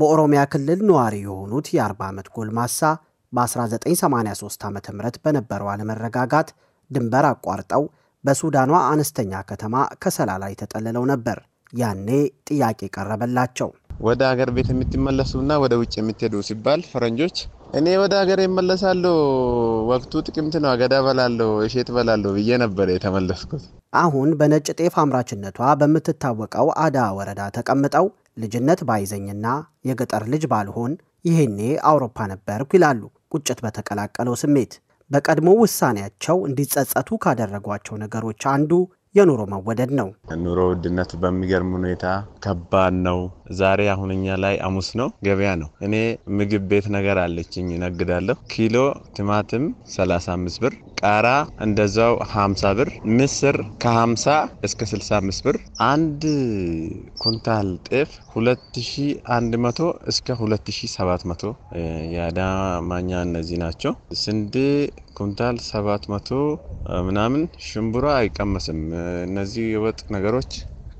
በኦሮሚያ ክልል ነዋሪ የሆኑት የ40 ዓመት ጎልማሳ በ1983 ዓ ም በነበረው አለመረጋጋት ድንበር አቋርጠው በሱዳኗ አነስተኛ ከተማ ከሰላ ላይ ተጠልለው ነበር። ያኔ ጥያቄ ቀረበላቸው። ወደ ሀገር ቤት የምትመለሱና ወደ ውጭ የምትሄዱ ሲባል ፈረንጆች እኔ ወደ ሀገር ይመለሳለሁ፣ ወቅቱ ጥቅምት ነው፣ አገዳ በላለሁ፣ እሸት በላለሁ ብዬ ነበር የተመለስኩት። አሁን በነጭ ጤፍ አምራችነቷ በምትታወቀው አዳ ወረዳ ተቀምጠው ልጅነት ባይዘኝና የገጠር ልጅ ባልሆን ይሄኔ አውሮፓ ነበርኩ ይላሉ ቁጭት በተቀላቀለው ስሜት። በቀድሞ ውሳኔያቸው እንዲጸጸቱ ካደረጓቸው ነገሮች አንዱ የኑሮ መወደድ ነው። ኑሮ ውድነት በሚገርም ሁኔታ ከባድ ነው። ዛሬ አሁን እኛ ላይ አሙስ ነው፣ ገበያ ነው። እኔ ምግብ ቤት ነገር አለችኝ ነግዳለሁ። ኪሎ ቲማቲም 35 ብር፣ ቃራ እንደዛው 50 ብር፣ ምስር ከ50 እስከ 65 ብር፣ አንድ ኩንታል ጤፍ 2100 እስከ 2700 የአዳማኛ እነዚህ ናቸው። ስንዴ ኩንታል 700 ምናምን፣ ሽምቡራ አይቀመስም። እነዚህ የወጥ ነገሮች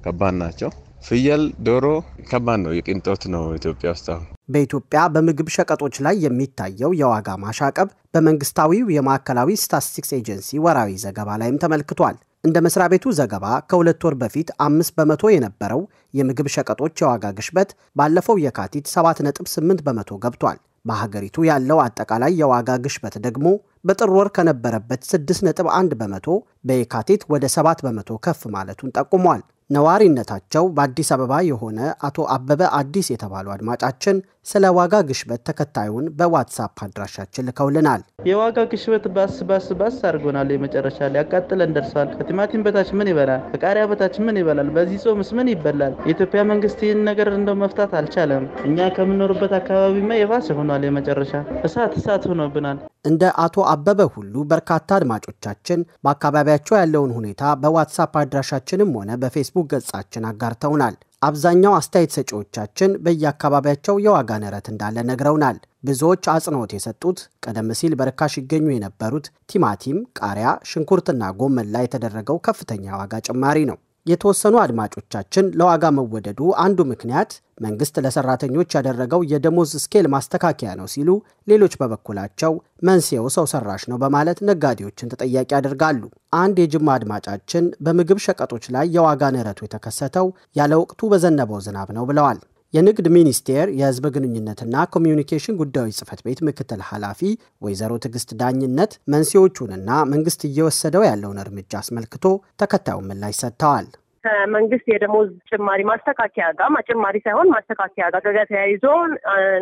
ከባድ ናቸው። ፍየል፣ ዶሮ ከባድ ነው፣ የቅንጦት ነው ኢትዮጵያ ውስጥ አሁን። በኢትዮጵያ በምግብ ሸቀጦች ላይ የሚታየው የዋጋ ማሻቀብ በመንግስታዊው የማዕከላዊ ስታቲስቲክስ ኤጀንሲ ወራዊ ዘገባ ላይም ተመልክቷል። እንደ መስሪያ ቤቱ ዘገባ ከሁለት ወር በፊት አምስት በመቶ የነበረው የምግብ ሸቀጦች የዋጋ ግሽበት ባለፈው የካቲት 7.8 በመቶ ገብቷል። በሀገሪቱ ያለው አጠቃላይ የዋጋ ግሽበት ደግሞ በጥር ወር ከነበረበት 6.1 በመቶ በየካቲት ወደ 7 በመቶ ከፍ ማለቱን ጠቁሟል። ነዋሪነታቸው በአዲስ አበባ የሆነ አቶ አበበ አዲስ የተባሉ አድማጫችን ስለ ዋጋ ግሽበት ተከታዩን በዋትሳፕ አድራሻችን ልከውልናል። የዋጋ ግሽበት ባስ ባስ ባስ አድርጎናል። የመጨረሻ ላይ አቃጥለን ደርሷል። ከቲማቲም በታች ምን ይበላል? ከቃሪያ በታች ምን ይበላል? በዚህ ጾምስ ምን ይበላል? የኢትዮጵያ መንግስት ይህን ነገር እንደው መፍታት አልቻለም። እኛ ከምኖርበት አካባቢማ የባስ ሆኗል። የመጨረሻ እሳት እሳት ሆኖብናል። እንደ አቶ አበበ ሁሉ በርካታ አድማጮቻችን በአካባቢያቸው ያለውን ሁኔታ በዋትሳፕ አድራሻችንም ሆነ በፌስቡክ ገጻችን አጋርተውናል። አብዛኛው አስተያየት ሰጪዎቻችን በየአካባቢያቸው የዋጋ ንረት እንዳለ ነግረውናል። ብዙዎች አጽንኦት የሰጡት ቀደም ሲል በርካሽ ይገኙ የነበሩት ቲማቲም፣ ቃሪያ፣ ሽንኩርትና ጎመን ላይ የተደረገው ከፍተኛ ዋጋ ጭማሪ ነው። የተወሰኑ አድማጮቻችን ለዋጋ መወደዱ አንዱ ምክንያት መንግስት ለሰራተኞች ያደረገው የደሞዝ ስኬል ማስተካከያ ነው ሲሉ፣ ሌሎች በበኩላቸው መንስኤው ሰው ሰራሽ ነው በማለት ነጋዴዎችን ተጠያቂ ያደርጋሉ። አንድ የጅማ አድማጫችን በምግብ ሸቀጦች ላይ የዋጋ ንረቱ የተከሰተው ያለ ወቅቱ በዘነበው ዝናብ ነው ብለዋል። የንግድ ሚኒስቴር የህዝብ ግንኙነትና ኮሚዩኒኬሽን ጉዳዮች ጽህፈት ቤት ምክትል ኃላፊ ወይዘሮ ትዕግስት ዳኝነት መንስኤዎቹንና መንግስት እየወሰደው ያለውን እርምጃ አስመልክቶ ተከታዩን ምላሽ ሰጥተዋል። ከመንግስት የደሞዝ ጭማሪ ማስተካከያ ጋር ጭማሪ ሳይሆን ማስተካከያ ጋር ከዚያ ተያይዞ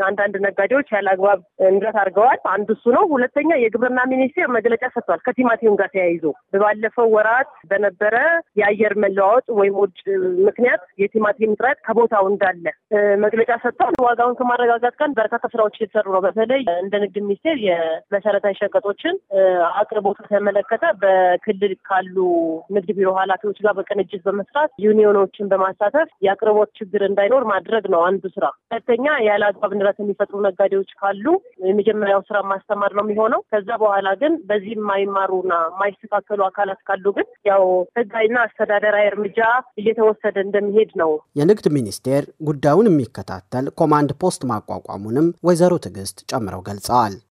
አንዳንድ ነጋዴዎች ያለ አግባብ ንረት አድርገዋል። አንዱ እሱ ነው። ሁለተኛ የግብርና ሚኒስቴር መግለጫ ሰጥቷል። ከቲማቲም ጋር ተያይዞ ባለፈው ወራት በነበረ የአየር መለዋወጥ ወይም ውድ ምክንያት የቲማቲም እጥረት ከቦታው እንዳለ መግለጫ ሰጥቷል። ዋጋውን ከማረጋጋት ጋር በርካታ ስራዎች እየተሰሩ ነው። በተለይ እንደ ንግድ ሚኒስቴር የመሰረታዊ ሸቀጦችን አቅርቦት በተመለከተ በክልል ካሉ ንግድ ቢሮ ኃላፊዎች ጋር በቅንጅት በመስራት በማስፋት ዩኒዮኖችን በማሳተፍ የአቅርቦት ችግር እንዳይኖር ማድረግ ነው አንዱ ስራ። ሁለተኛ ያለ አግባብ ንረት የሚፈጥሩ ነጋዴዎች ካሉ የመጀመሪያው ስራ ማስተማር ነው የሚሆነው። ከዛ በኋላ ግን በዚህ የማይማሩና የማይስተካከሉ አካላት ካሉ ግን ያው ህጋዊና አስተዳደራዊ እርምጃ እየተወሰደ እንደሚሄድ ነው። የንግድ ሚኒስቴር ጉዳዩን የሚከታተል ኮማንድ ፖስት ማቋቋሙንም ወይዘሮ ትዕግስት ጨምረው ገልጸዋል።